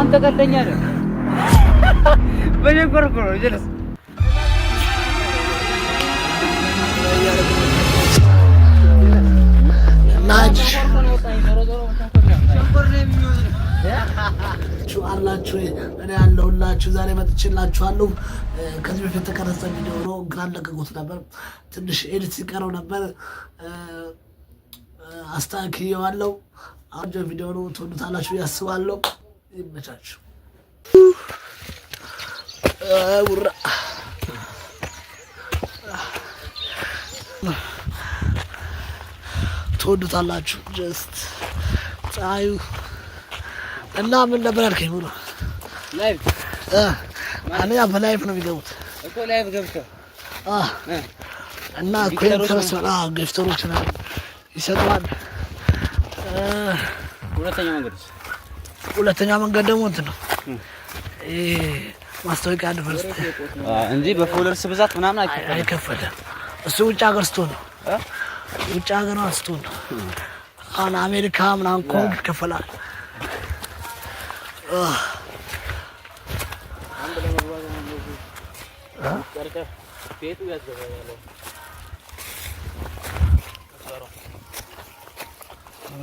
አንተ ቀልደኛ ነህ። በጀንኮርኩር ነው ጀለስ አላችሁ እኔ ያለሁላችሁ። ዛሬ መጥቼላችኋለሁ። ከዚህ በፊት የተቀረጸ ቪዲዮ ነው፣ ግራን ለቀቁት ነበር። ትንሽ ኤዲት ሲቀረው ነበር አስተካክየዋለሁ። አውጀ ቪዲዮ ነው ትወዱታላችሁ ያስባለሁ። ይመቻችሁ። ውራ ትወዱታላችሁ። ጀስት ፀሐዩ እና ምን ነበር ያልከኝ? ብሎ እኔ በላይፍ ነው የሚገቡት እኮ ላይፍ ገብተው እና ኮንፈረንስ ጌፍተሮችን ይሰጠዋል ሁለተኛ መንገድ ሁለተኛው መንገድ ደግሞ እንትን ነው ማስታወቂያ ድፈርስ እንጂ በፎሎወርስ ብዛት ምናምን አይከፈልም። እሱ ውጭ ሀገር ስቶ ነው፣ ውጭ ሀገር ስትሆን ነው። አሁን አሜሪካ ምናምን ኮንግ ይከፈላል። ቤቱ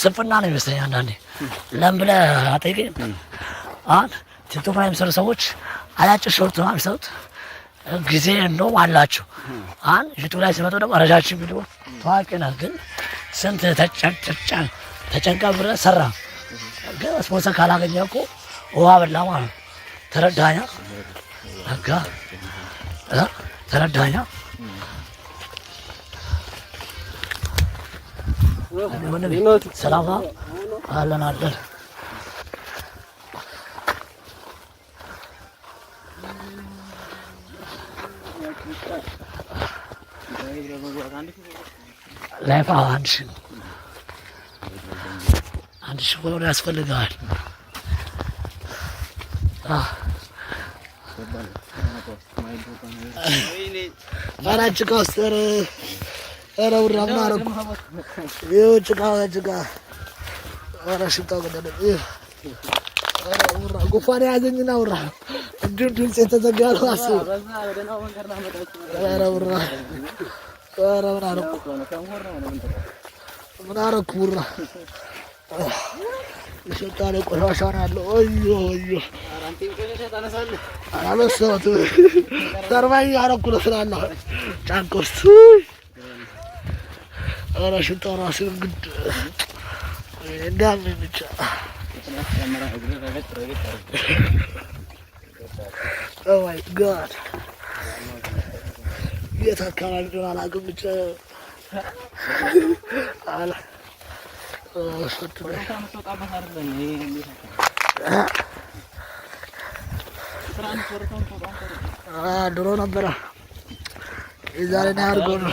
ስንፍና ነው ይመስለኛል። አንዳንዴ ብለህ አሁን ቲክቶክ ላይ የሚሰሩ ሰዎች አጫጭር ሾርት ነው የሚሰሩት፣ ጊዜ እንደውም አላቸው። አሁን ዩቱብ ላይ ሲመጡ ደግሞ ቪዲዮ ታዋቂ ግን ስንት ተጨንቀ ብለህ ሰራ፣ ግን ስፖንሰር ካላገኘ እኮ ውሃ በላ ማለት ነው። ተረዳኛ ተረዳኛ ሰላም አለን አለን ላይፍ አንድ ሺ አንድ ሺ ብር ያስፈልገዋል። ፋናጭቃ ውስጥ ኧረ ውራማ አደረኩ። ይኸው ጭቃ ጭቃ። ኧረ ሽጣው ገደለ። ጉፋን የያዘኝና ውራ እንዲሁም ድምፅ የተዘጋ ነው። አስቡ። ኧረ ውራ ኧረ ምን አደረኩ? ምን አደረኩ? ውራ የሸጣ ላይ ቆሻሻ ነው ያለው። ወዮ ወዮ አላነሳሁትም። ተርባኝ አደረኩ ነው ስላለሁ ኧረ ሽንጣው እራሴን ግድ እንዳመኝ ብቻ ጋድ የት አካባቢ እንደሆነ አላውቅም ብቻ ድሮ ነበረ የዛሬን አድርጎ ነው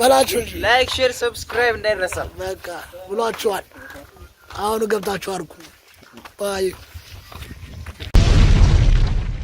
በላችሁ። ላይክ፣ ሼር፣ ሰብስክራይብ እንዳይረሳ። በቃ ብሏችኋል። አሁኑ ገብታችሁ አድርጉ ባይ